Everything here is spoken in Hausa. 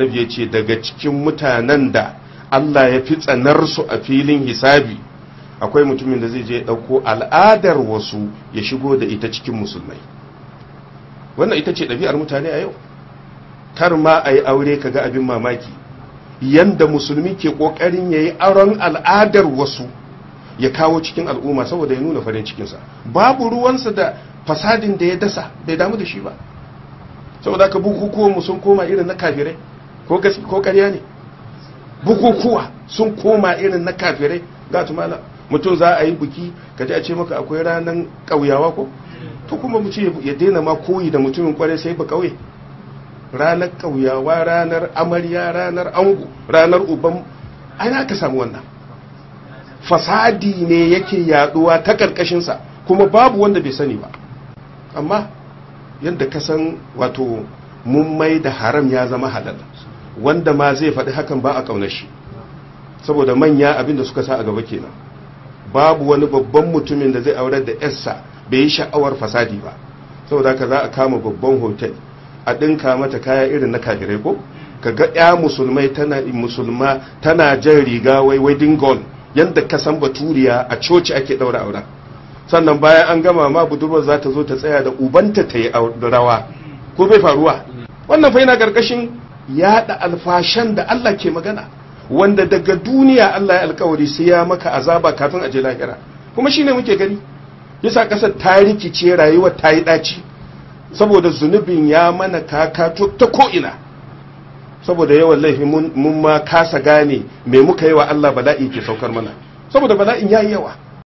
annabi ya ce daga cikin mutanen da Allah ya fi tsanar su a filin hisabi akwai mutumin da zai je ɗauko al'adar wasu ya shigo da ita cikin musulmai wannan ita ce ɗabi'ar mutane a yau kar ma a yi aure ka ga abin mamaki yanda musulmi ke ƙoƙarin ya yi aron al'adar wasu ya kawo cikin al'umma saboda ya nuna farin cikinsa babu ruwansa da fasadin da ya dasa bai damu da shi ba saboda ka mu sun koma irin na kafirai ko gaske ko ƙarya ne bukukuwa sun koma irin na kafirai ga tumala mutum za a yi buki ka ji a ce maka akwai ranar ƙauyawa ko to kuma mu ce ya daina ma koyi da mutumin kwarai sai ba ƙauye ranar ƙauyawa ranar amarya ranar ango ranar uban ana ka samu wannan fasadi ne yake yaduwa ta sa kuma babu wanda bai sani ba amma yadda ka san wato mun mai da haram ya zama halal wanda ma zai faɗi hakan ba a ƙaunar shi saboda manya abinda suka sa a gaba kenan babu wani babban mutumin da zai aurar da yarsa bai yi sha'awar fasadi ba saboda haka za a kama babban hotel a ɗinka mata kaya irin na kafirai ko ka ga ya musulmai tana musulma tana jan riga wai wedding gown yadda ka san baturiya a coci ake ɗaura aure sannan bayan an gama ma budurwar za ta zo ta tsaya da ubanta ta yi rawa ko bai faruwa wannan fa yana ƙarƙashin. yaɗa alfashan da Allah ke magana wanda daga duniya Allah ya alkawari sai ya maka azaba kafin a je lahira kuma shine muke gani yasa kasar ta rikice rayuwa ta yi ɗaci saboda zunubin ya mana kaka ta ko'ina saboda yawan laifi mun ma kasa gane me muka yi wa Allah bala'i ke saukar mana saboda bala'in yayi yawa